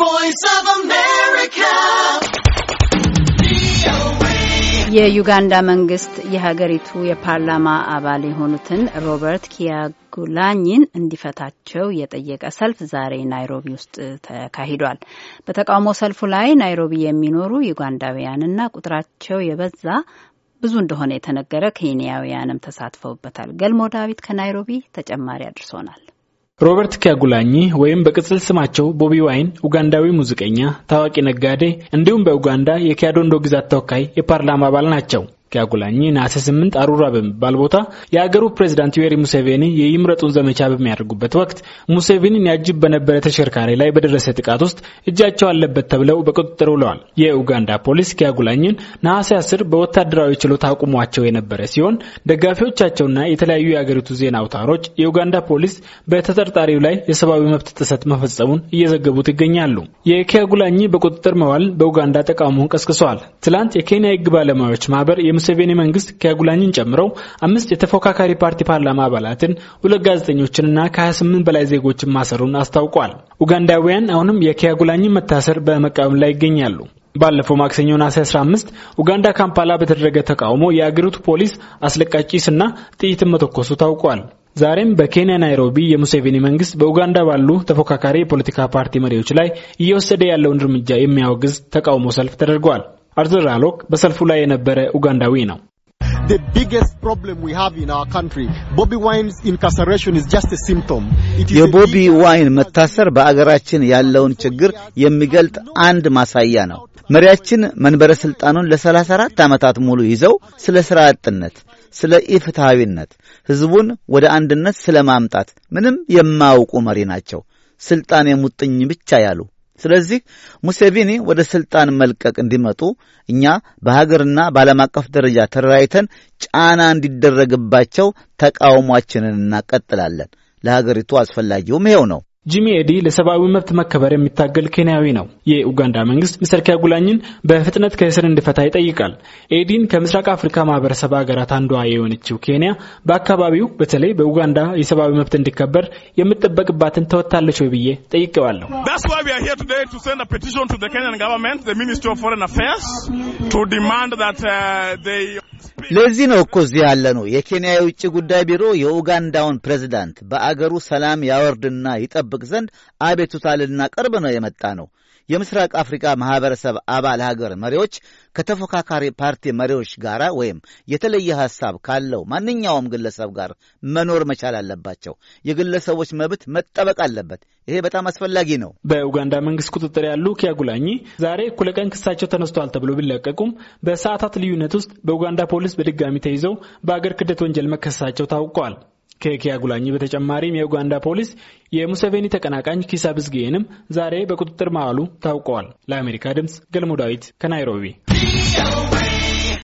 voice የዩጋንዳ መንግስት የሀገሪቱ የፓርላማ አባል የሆኑትን ሮበርት ኪያጉላኝን እንዲፈታቸው የጠየቀ ሰልፍ ዛሬ ናይሮቢ ውስጥ ተካሂዷል። በተቃውሞ ሰልፉ ላይ ናይሮቢ የሚኖሩ ዩጋንዳውያንና ቁጥራቸው የበዛ ብዙ እንደሆነ የተነገረ ኬንያውያንም ተሳትፈውበታል። ገልሞ ዳዊት ከናይሮቢ ተጨማሪ አድርሶናል። ሮበርት ኪያጉላኚ ወይም በቅጽል ስማቸው ቦቢ ዋይን ኡጋንዳዊ ሙዚቀኛ፣ ታዋቂ ነጋዴ እንዲሁም በኡጋንዳ የኪያዶንዶ ግዛት ተወካይ የፓርላማ አባል ናቸው። ኪያጉላኝ ነሐሴ 8 አሩራ በሚባል ቦታ የአገሩ ፕሬዚዳንት ዩዌሪ ሙሴቬኒ የይምረጡን ዘመቻ በሚያደርጉበት ወቅት ሙሴቬኒን ያጅብ በነበረ ተሽከርካሪ ላይ በደረሰ ጥቃት ውስጥ እጃቸው አለበት ተብለው በቁጥጥር ውለዋል። የኡጋንዳ ፖሊስ ኪያጉላኝን ነሐሴ 10 በወታደራዊ ችሎት አቁሟቸው የነበረ ሲሆን ደጋፊዎቻቸውና የተለያዩ የአገሪቱ ዜና አውታሮች የኡጋንዳ ፖሊስ በተጠርጣሪው ላይ የሰብአዊ መብት ጥሰት መፈጸሙን እየዘገቡት ይገኛሉ። የኪያጉላኝ በቁጥጥር መዋል በኡጋንዳ ተቃውሞን ቀስቅሰዋል። ትላንት የኬንያ የህግ ባለሙያዎች ማህበር የሙሴቬኒ መንግስት ኪያጉላኝን ጨምረው አምስት የተፎካካሪ ፓርቲ ፓርላማ አባላትን፣ ሁለት ጋዜጠኞችንና ከ28 በላይ ዜጎችን ማሰሩን አስታውቋል። ኡጋንዳውያን አሁንም የኪያጉላኝን መታሰር በመቃወም ላይ ይገኛሉ። ባለፈው ማክሰኞ ነሐሴ 15 ኡጋንዳ ካምፓላ በተደረገ ተቃውሞ የአገሪቱ ፖሊስ አስለቃሽ ጭስና ጥይትን መተኮሱ ታውቋል። ዛሬም በኬንያ ናይሮቢ የሙሴቬኒ መንግስት በኡጋንዳ ባሉ ተፎካካሪ የፖለቲካ ፓርቲ መሪዎች ላይ እየወሰደ ያለውን እርምጃ የሚያወግዝ ተቃውሞ ሰልፍ ተደርጓል። አርዘር ራሎክ በሰልፉ ላይ የነበረ ኡጋንዳዊ ነው። The biggest problem we have in our country, Bobby Wine's incarceration is just a symptom. የቦቢ ዋይን መታሰር በአገራችን ያለውን ችግር የሚገልጥ አንድ ማሳያ ነው። መሪያችን መንበረ ስልጣኑን ለ34 ዓመታት ሙሉ ይዘው ስለ ሥራ አጥነት፣ ስለ ኢፍትሐዊነት፣ ሕዝቡን ወደ አንድነት ስለ ማምጣት ምንም የማያውቁ መሪ ናቸው። ስልጣን የሙጥኝ ብቻ ያሉ ስለዚህ ሙሴቪኒ ወደ ስልጣን መልቀቅ እንዲመጡ እኛ በሀገርና በዓለም አቀፍ ደረጃ ተደራጅተን ጫና እንዲደረግባቸው ተቃውሟችንን እናቀጥላለን። ለሀገሪቱ አስፈላጊውም ይኸው ነው። ጂሚ ኤዲ ለሰብአዊ መብት መከበር የሚታገል ኬንያዊ ነው። የኡጋንዳ መንግስት ሚስተር ኪያጉላኝን በፍጥነት ከእስር እንዲፈታ ይጠይቃል። ኤዲን ከምስራቅ አፍሪካ ማህበረሰብ ሀገራት አንዷ የሆነችው ኬንያ በአካባቢው በተለይ በኡጋንዳ የሰብአዊ መብት እንዲከበር የምጠበቅባትን ተወታለች ወይ ብዬ ጠይቀዋለሁ። ለዚህ ነው እኮ እዚህ ያለ ነው። የኬንያ የውጭ ጉዳይ ቢሮ የኡጋንዳውን ፕሬዚዳንት በአገሩ ሰላም ያወርድና ይጠብቅ ዘንድ አቤቱታ ልናቀርብ ነው የመጣ ነው። የምስራቅ አፍሪካ ማኅበረሰብ አባል ሀገር መሪዎች ከተፎካካሪ ፓርቲ መሪዎች ጋር ወይም የተለየ ሐሳብ ካለው ማንኛውም ግለሰብ ጋር መኖር መቻል አለባቸው። የግለሰቦች መብት መጠበቅ አለበት። ይሄ በጣም አስፈላጊ ነው። በኡጋንዳ መንግስት ቁጥጥር ያሉ ኪያጉላኝ ዛሬ እኩለ ቀን ክሳቸው ተነስቷል ተብሎ ቢለቀቁም በሰዓታት ልዩነት ውስጥ በኡጋንዳ ፖሊስ በድጋሚ ተይዘው በአገር ክደት ወንጀል መከሰሳቸው ታውቋል። ከኪያ ጉላኚ በተጨማሪም የኡጋንዳ ፖሊስ የሙሴቬኒ ተቀናቃኝ ኪሳ ብዝጌንም ዛሬ በቁጥጥር ማዋሉ ታውቀዋል። ለአሜሪካ ድምፅ ገልሞ ዳዊት ከናይሮቢ